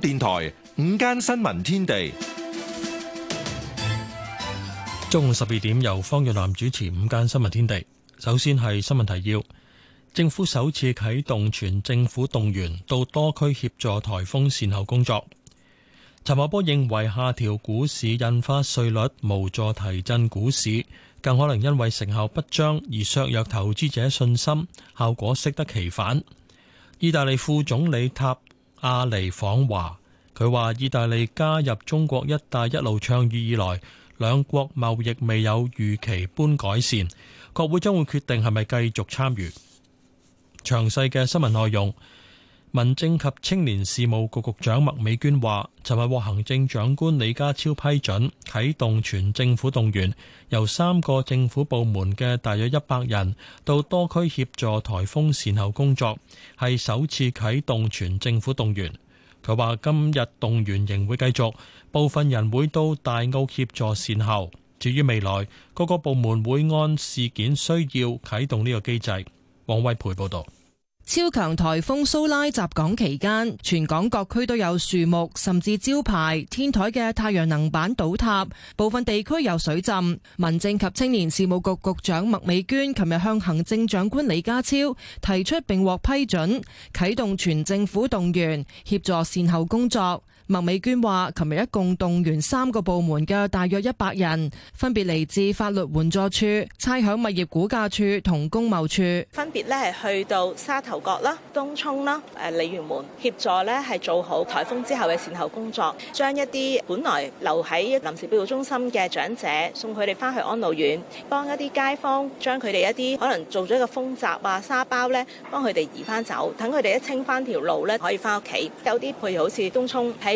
電台午間新聞天地，中午十二點，由方玉南主持《午間新聞天地》。首先係新聞提要：政府首次啟動全政府動員，到多區協助颱風善後工作。陳茂波認為下調股市印花稅率無助提振股市，更可能因為成效不彰而削弱投資者信心，效果適得其反。意大利副總理塔阿尼訪華，佢話：意大利加入中國一帶一路倡議以來，兩國貿易未有預期般改善，國會將會決定係咪繼續參與。詳細嘅新聞內容。民政及青年事務局局長麥美娟話，尋日獲行政長官李家超批准啟動全政府動員，由三個政府部門嘅大約一百人到多區協助台風善後工作，係首次啟動全政府動員。佢話今日動員仍會繼續，部分人會到大澳協助善後。至於未來，各個部門會按事件需要啟動呢個機制。王威培報道。超強台風蘇拉襲港期間，全港各區都有樹木甚至招牌、天台嘅太陽能板倒塌，部分地區有水浸。民政及青年事務局局，局長麥美娟琴日向行政長官李家超提出，並獲批准啟動全政府動員協助善後工作。麥美娟話，琴日一共動員三個部門嘅大約一百人，分別嚟自法律援助處、差餉物業估價處同公務處，分別咧係去到沙頭角啦、東涌啦、誒鯉魚門，協助咧係做好台風之後嘅善後工作，將一啲本來留喺臨時庇護中心嘅長者送佢哋翻去安老院，幫一啲街坊將佢哋一啲可能做咗一個風閘、或沙包咧，幫佢哋移翻走，等佢哋一清翻條路咧可以翻屋企。有啲譬如好似東涌喺。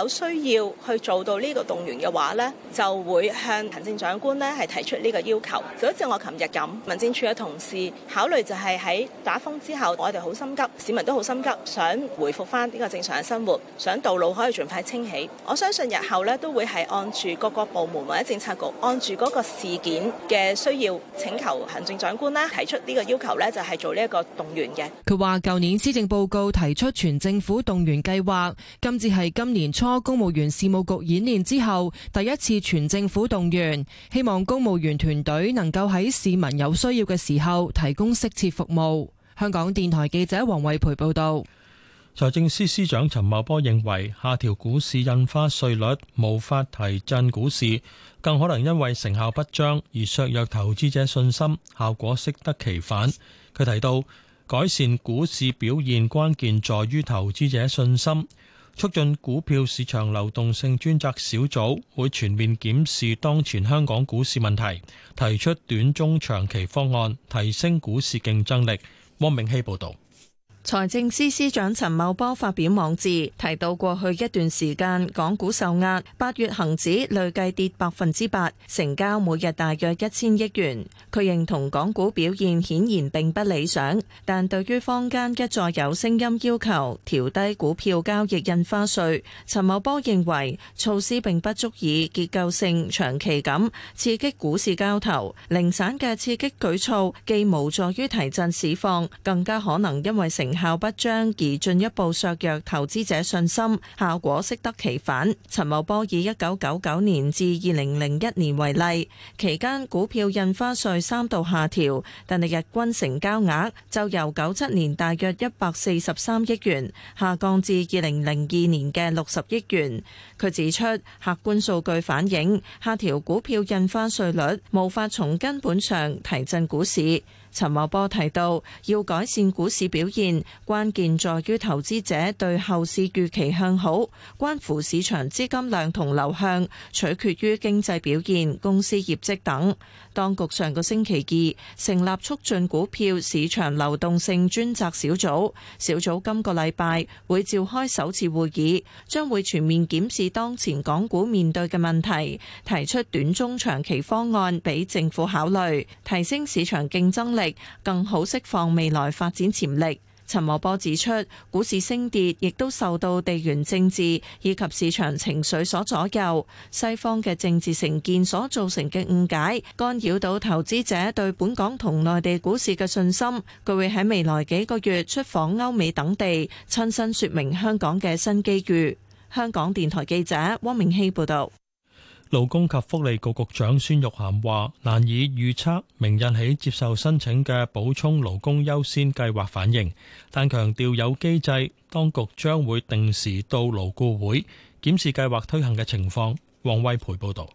有需要去做到呢個動員嘅話咧，就會向行政長官咧係提出呢個要求。就好似我琴日咁，民政處嘅同事考慮就係喺打風之後，我哋好心急，市民都好心急，想回復翻呢個正常嘅生活，想道路可以盡快清起。我相信日後咧都會係按住各個部門或者政策局按住嗰個事件嘅需要，請求行政長官咧提出呢個要求咧，就係做呢一個動員嘅。佢話舊年施政報告提出全政府動員計劃，今次係今年初多公務員事務局演練之後，第一次全政府動員，希望公務員團隊能夠喺市民有需要嘅時候提供適切服務。香港電台記者黃惠培報道。財政司司長陳茂波認為，下調股市印花稅率無法提振股市，更可能因為成效不彰而削弱投資者信心，效果適得其反。佢提到，改善股市表現關鍵在於投資者信心。促進股票市場流動性專責小組會全面檢視當前香港股市問題，提出短中長期方案，提升股市競爭力。汪明希報道。財政司司長陳茂波發表網誌，提到過去一段時間港股受壓，八月恒指累計跌百分之八，成交每日大約一千億元。佢認同港股表現顯然並不理想，但對於坊間一再有聲音要求調低股票交易印花稅，陳茂波認為措施並不足以結構性、長期咁刺激股市交投，零散嘅刺激舉措既無助於提振市況，更加可能因為成。成效不彰而進一步削弱投資者信心，效果適得其反。陳茂波以一九九九年至二零零一年為例，期間股票印花稅三度下調，但係日均成交額就由九七年大約一百四十三億元下降至二零零二年嘅六十億元。佢指出，客觀數據反映下調股票印花稅率無法從根本上提振股市。陳茂波提到，要改善股市表現，關鍵在於投資者對後市預期向好，關乎市場資金量同流向，取決於經濟表現、公司業績等。當局上個星期二成立促進股票市場流動性專責小組，小組今個禮拜會召開首次會議，將會全面檢視當前港股面對嘅問題，提出短中長期方案俾政府考慮，提升市場競爭力。更好釋放未來發展潛力。陳茂波指出，股市升跌亦都受到地緣政治以及市場情緒所左右。西方嘅政治成見所造成嘅誤解，干擾到投資者對本港同內地股市嘅信心。佢會喺未來幾個月出訪歐美等地，親身説明香港嘅新機遇。香港電台記者汪明熙報道。勞工及福利局局長孫玉菡話：難以預測明日起接受申請嘅補充勞工優先計劃反應，但強調有機制，當局將會定時到勞顧會檢視計劃推行嘅情況。王威培報道。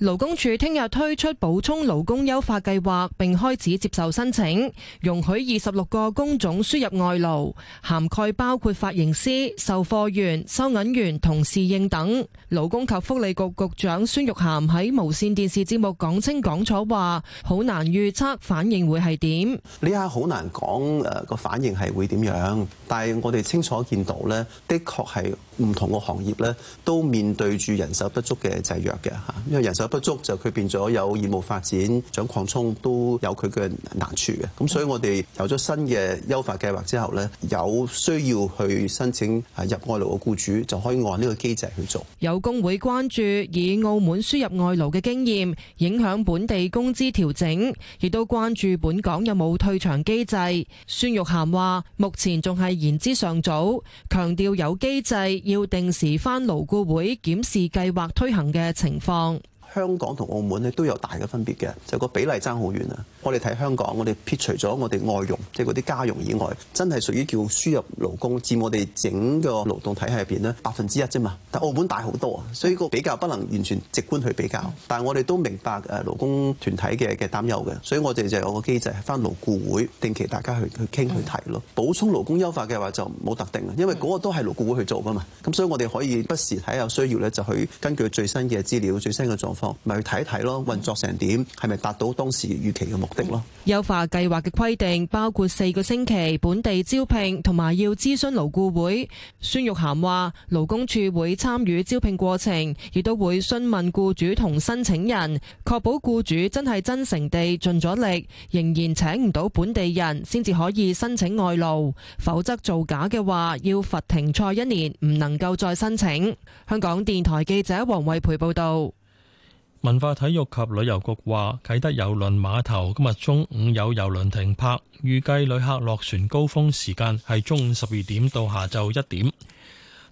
勞工處聽日推出補充勞工優化計劃，並開始接受申請，容許二十六個工種輸入外勞，涵蓋包括髮型師、售貨員、收銀員同侍應等。勞工及福利局局，局長孫玉菡喺無綫電視節目講清講楚話，好難預測反應會係點。呢下好難講誒，個、呃、反應係會點樣？但係我哋清楚見到呢，的確係。唔同嘅行業咧，都面對住人手不足嘅制約嘅吓，因為人手不足就佢變咗有業務發展想擴充，都有佢嘅難處嘅。咁所以我哋有咗新嘅優化計劃之後呢，有需要去申請入外勞嘅僱主就可以按呢個機制去做。有工會關注以澳門輸入外勞嘅經驗影響本地工資調整，亦都關注本港有冇退場機制。孫玉涵話：目前仲係言之尚早，強調有機制。要定時返勞顧會檢視計劃推行嘅情況。香港同澳門咧都有大嘅分別嘅，就個、是、比例爭好遠啊！我哋睇香港，我哋撇除咗我哋外傭，即係嗰啲家傭以外，真係屬於叫輸入勞工，佔我哋整個勞動體系入邊咧百分之一啫嘛。但澳門大好多啊，所以個比較不能完全直觀去比較，但係我哋都明白，誒勞工團體嘅嘅擔憂嘅，所以我哋就有個機制，翻勞僱會定期大家去去傾去睇咯。補充勞工優化嘅話就冇特定啦，因為嗰個都係勞僱會去做噶嘛。咁所以我哋可以不時睇有需要咧，就去根據最新嘅資料、最新嘅狀況咪去睇一睇咯。運作成點，係咪達到當時預期嘅目的？優化計劃嘅規定包括四個星期本地招聘，同埋要諮詢勞顧會。孫玉菡話，勞工處會參與招聘過程，亦都會詢問僱主同申請人，確保僱主真係真誠地盡咗力，仍然請唔到本地人，先至可以申請外勞。否則造假嘅話，要罰停賽一年，唔能夠再申請。香港電台記者黃慧培報道。文化體育及旅遊局話，啟德郵輪碼頭今日中午有郵輪停泊，預計旅客落船高峰時間係中午十二點到下晝一點。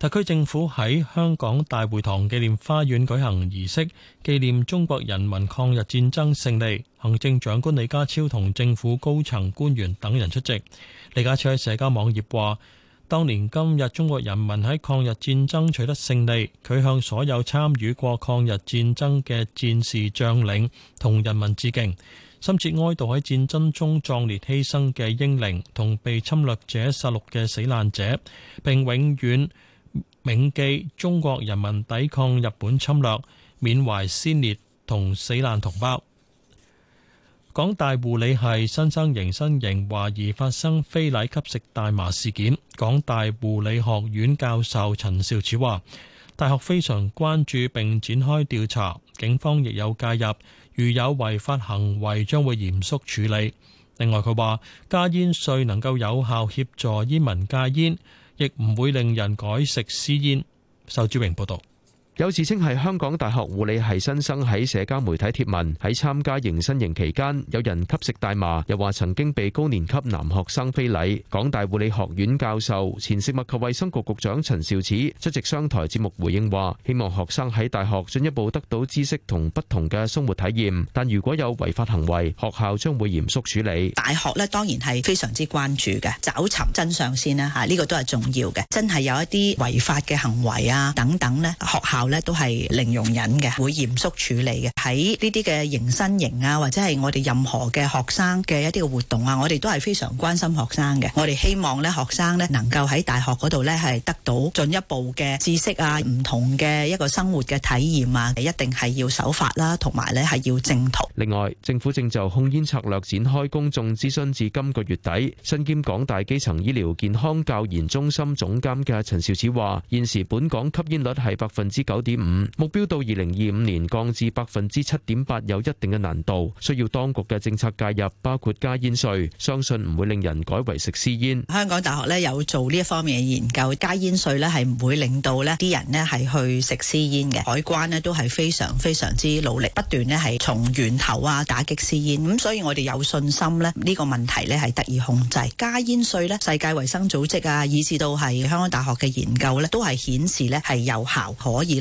特區政府喺香港大會堂紀念花園舉行儀式，紀念中國人民抗日戰爭勝利。行政長官李家超同政府高層官員等人出席。李家超喺社交網頁話。當年今日，中國人民喺抗日戰爭取得勝利，佢向所有參與過抗日戰爭嘅戰士將領同人民致敬，深切哀悼喺戰爭中壯烈犧牲嘅英靈同被侵略者殺戮嘅死難者，並永遠銘記中國人民抵抗日本侵略、緬懷先烈同死難同胞。港大護理系新生營新營懷疑發生非禮吸食大麻事件，港大護理學院教授陳肇始話大學非常關注並展開調查，警方亦有介入，如有違法行為將會嚴肅處理。另外他說，佢話加煙稅能夠有效協助煙民煙民戒煙，亦唔會令人改食私煙，仇志榮報道。有自稱是香港大學護理系新生在社交媒體貼文，在參加迎新營期間，有人吸食大麻，又話，曾經被高年級男學生非禮。港大護理學院教授、前食物及衛生局局長陳肇始，出席商台節目回應話，希望學生在大學進一步得到知識和不同的生活體驗，但如果有違法行為，學校將會嚴肅處理。大學當然是非常之關注的，找尋真相先啦，這個都是重要的，真是有一些違法的行為啊，等等，學校咧都係零容忍嘅，會嚴肅處理嘅。喺呢啲嘅迎新營啊，或者係我哋任何嘅學生嘅一啲嘅活動啊，我哋都係非常關心學生嘅。我哋希望咧，學生咧能夠喺大學嗰度咧係得到進一步嘅知識啊，唔同嘅一個生活嘅體驗啊，一定係要守法啦，同埋咧係要正途。另外，政府正就控煙策略展開公眾諮詢，至今個月底。身兼港大基層醫療健康教研中心總監嘅陳肇始話，現時本港吸煙率係百分之。九點五，目標到二零二五年降至百分之七點八，有一定嘅難度，需要當局嘅政策介入，包括加煙稅。相信唔會令人改為食私煙。香港大學咧有做呢一方面嘅研究，加煙稅咧係唔會令到咧啲人咧係去食私煙嘅。海關咧都係非常非常之努力，不斷咧係從源頭啊打擊私煙。咁所以我哋有信心咧呢個問題咧係得以控制。加煙稅咧，世界衛生組織啊，以至到係香港大學嘅研究咧，都係顯示咧係有效可以。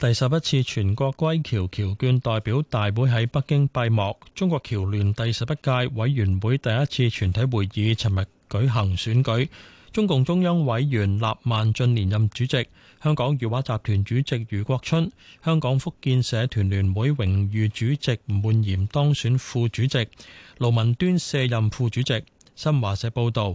第十一次全國歸僑僑眷代表大會喺北京閉幕。中國僑聯第十一屆委員會第一次全體會議尋日舉行選舉，中共中央委員萬立駿連任主席。香港裕華集團主席余國春、香港福建社團聯會榮譽主席吳煥炎當選副主席，盧文端卸任副主席。新華社報道。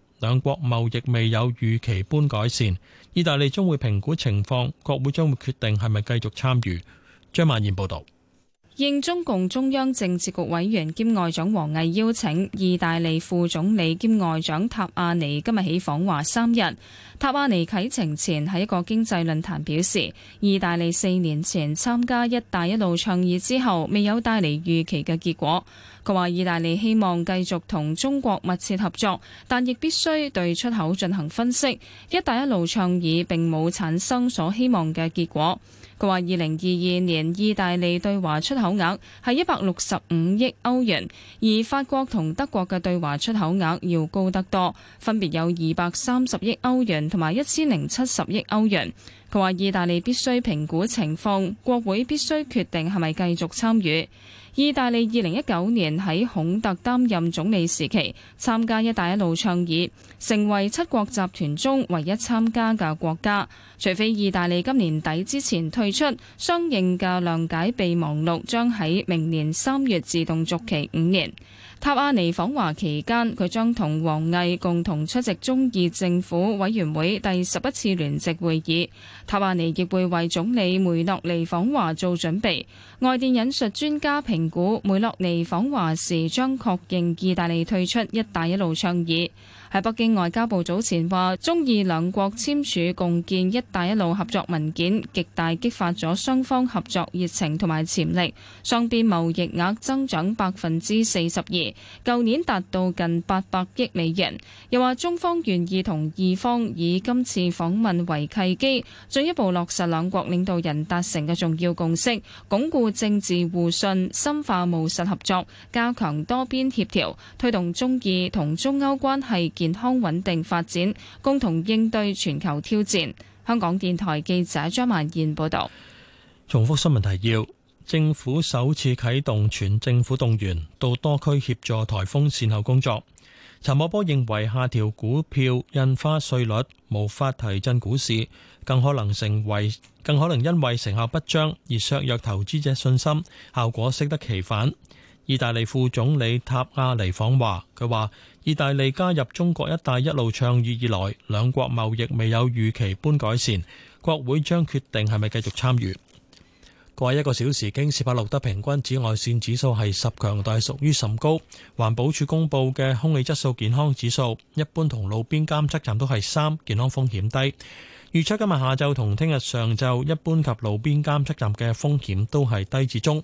兩國貿易未有預期般改善，意大利將會評估情況，國會將會決定係咪繼續參與。張曼燕報導。應中共中央政治局委員兼外長王毅邀請，意大利副總理兼外長塔亞尼今日起訪華三日。塔亞尼啟程前喺一個經濟論壇表示，意大利四年前參加「一帶一路」倡議之後，未有帶嚟預期嘅結果。佢話：意大利希望繼續同中國密切合作，但亦必須對出口進行分析。「一帶一路」倡議並冇產生所希望嘅結果。佢話：二零二二年，意大利對華出口額係一百六十五億歐元，而法國同德國嘅對華出口額要高得多，分別有二百三十億歐元同埋一千零七十億歐元。佢話：意大利必須評估情況，國會必須決定係咪繼續參與。意大利二零一九年喺孔特擔任總理時期參加「一帶一路」倡議，成為七國集團中唯一參加嘅國家。除非意大利今年底之前退出，相應嘅諒解備忘錄將喺明年三月自動續期五年。塔阿尼訪華期間，佢將同王毅共同出席中意政府委員會第十一次聯席會議。塔阿尼亦會為總理梅洛尼訪華做準備。外電引述專家評估，梅洛尼訪華時將確認意大利退出「一帶一路」倡議。喺北京外交部早前話，中意兩國簽署共建「一帶一路」合作文件，極大激發咗雙方合作熱情同埋潛力，雙邊貿易額增長百分之四十二，舊年達到近八百億美元。又話中方願意同意方以今次訪問為契機，進一步落實兩國領導人達成嘅重要共識，鞏固政治互信，深化務實合作，加強多邊協調，推動中意同中歐關係。健康穩定發展，共同應對全球挑戰。香港電台記者張曼燕報道。重複新聞提要：政府首次啟動全政府動員，到多區協助台風善後工作。陳茂波認為，下調股票印花稅率無法提振股市，更可能成為，更可能因為成效不彰而削弱投資者信心，效果適得其反。意大利副總理塔亞尼訪華，佢話：意大利加入中國一帶一路倡議以來，兩國貿易未有預期般改善，國會將決定係咪繼續參與。過去一個小時，京士柏錄得平均紫外線指數係十，強度屬於甚高。環保署公布嘅空氣質素健康指數，一般同路邊監測站都係三，健康風險低。預測今日下晝同聽日上晝，一般及路邊監測站嘅風險都係低至中。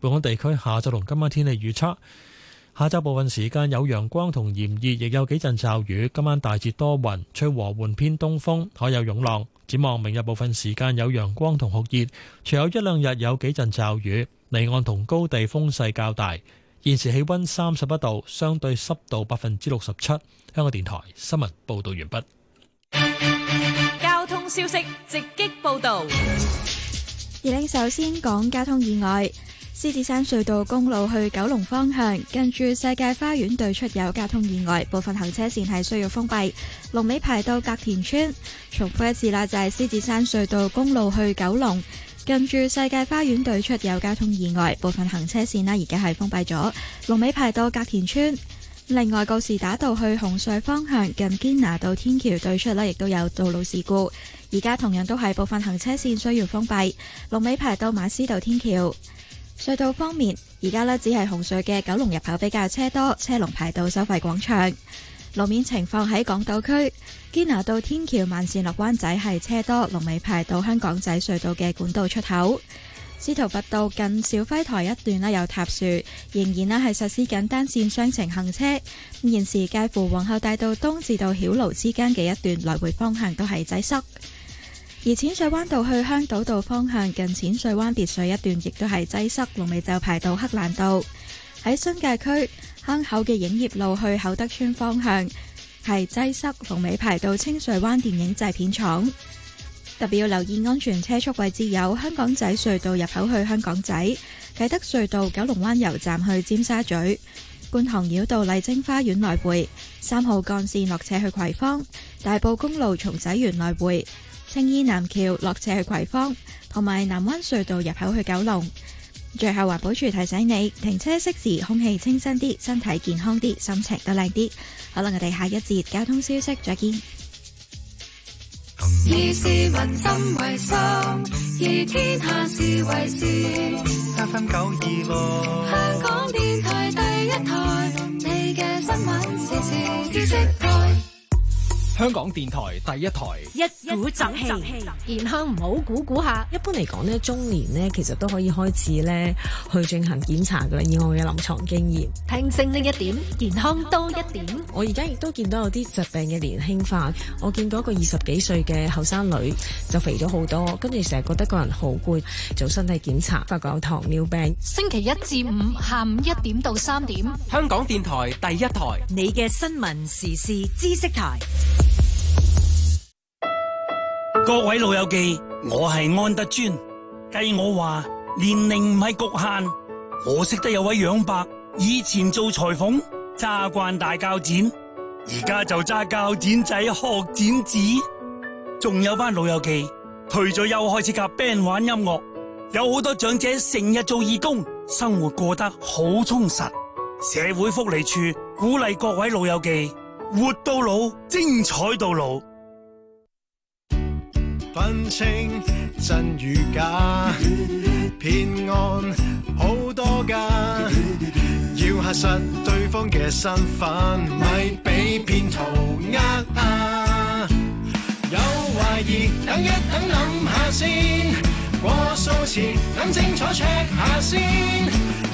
本港地區下晝同今晚天氣預測：下晝部分時間有陽光同炎熱，亦有幾陣驟雨。今晚大致多雲，吹和緩偏東風，海有湧浪。展望明日部分時間有陽光同酷熱，除咗一兩日有幾陣驟雨。離岸同高地風勢較大。現時氣温三十一度，相對濕度百分之六十七。香港電台新聞報道完畢。交通消息直擊報道。二零首先講交通意外。獅子山隧道公路去九龍方向，近住世界花園對出有交通意外，部分行車線係需要封閉。龍尾排到隔田村。重複一次啦，就係獅子山隧道公路去九龍近住世界花園對出有交通意外，部分行車線啦而家係封閉咗，龍尾排到隔田村。另外，告士打道去紅隧方向近堅拿道天橋對出啦，亦都有道路事故，而家同樣都係部分行車線需要封閉，龍尾排到馬師道天橋。隧道方面，而家呢只係紅隧嘅九龍入口比較車多，車龍排到收費廣場。路面情況，喺港島區堅拿道天橋慢線落灣仔係車多，龍尾排到香港仔隧道嘅管道出口。司徒拔道近肇輝臺一段呢有塌樹，仍然呢係實施緊單線雙程行車。現時介乎皇后大道東至到曉露之間嘅一段來回方向都係擠塞。而淺水灣道去香島道方向，近淺水灣別墅一段，亦都係擠塞，龍尾就排到黑蘭道。喺新界區坑口嘅影業路去厚德村方向係擠塞，龍尾排到清水灣電影製片廠。特別要留意安全車速位置有香港仔隧道入口去香港仔、啟德隧道九龍灣油站去尖沙咀、觀塘繞道麗晶花園來回、三號幹綫落車去葵芳、大埔公路松仔園來回。青衣南橋落斜去葵芳，同埋南灣隧道入口去九龍。最後環保署提醒你，停車熄匙，空氣清新啲，身體健康啲，心情都靚啲。好啦，我哋下一節交通消息再見。以市民心為心，以天下事為事。八分九二。香港電台第一台，一股正氣，健康唔好估估下。一般嚟講呢，中年呢其實都可以開始呢去進行檢查噶啦。以我嘅臨床經驗，聽正呢一點，健康多一點。我而家亦都見到有啲疾病嘅年輕化。我見到一個二十幾歲嘅後生女就肥咗好多，跟住成日覺得個人好攰，做身體檢查發覺有糖尿病。星期一至五下午一點到三點，香港電台第一台，你嘅新聞時事知識台。各位老友記，我係安德尊，計我話年齡唔係局限。我識得有位養伯，以前做裁縫，揸慣大鉸剪，而家就揸鉸剪仔學剪紙。仲有班老友記退咗休開始夾 band 玩音樂，有好多長者成日做義工，生活過得好充實。社會福利處鼓勵各位老友記，活到老，精彩到老。分清真與假，騙 案好多㗎， 要核實對方嘅身份，咪俾騙徒呃啊！ 有懷疑，等一等諗下先，過數前，諗清楚 check 下先，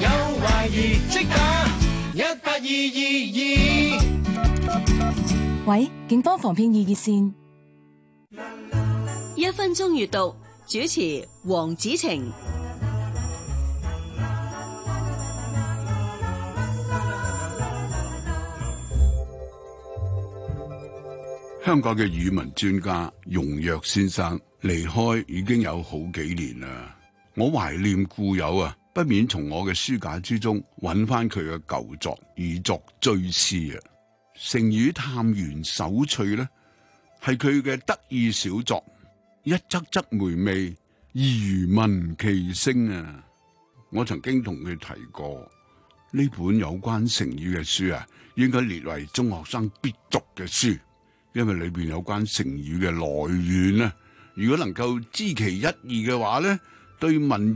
有懷疑即打一八二二二。喂，警方防騙易熱線。一分鐘閱讀，主持黃子晴。香港嘅語文專家容若先生離開已經有好幾年啦。我懷念故友啊，不免從我嘅書架之中揾翻佢嘅舊作以作追思啊。成語探源首趣呢，係佢嘅得意小作。一則則回味，如聞其聲啊！我曾經同佢提過呢本有關成語嘅書啊，應該列為中學生必讀嘅書，因為裏邊有關成語嘅來源咧，如果能夠知其一二嘅話咧，對文。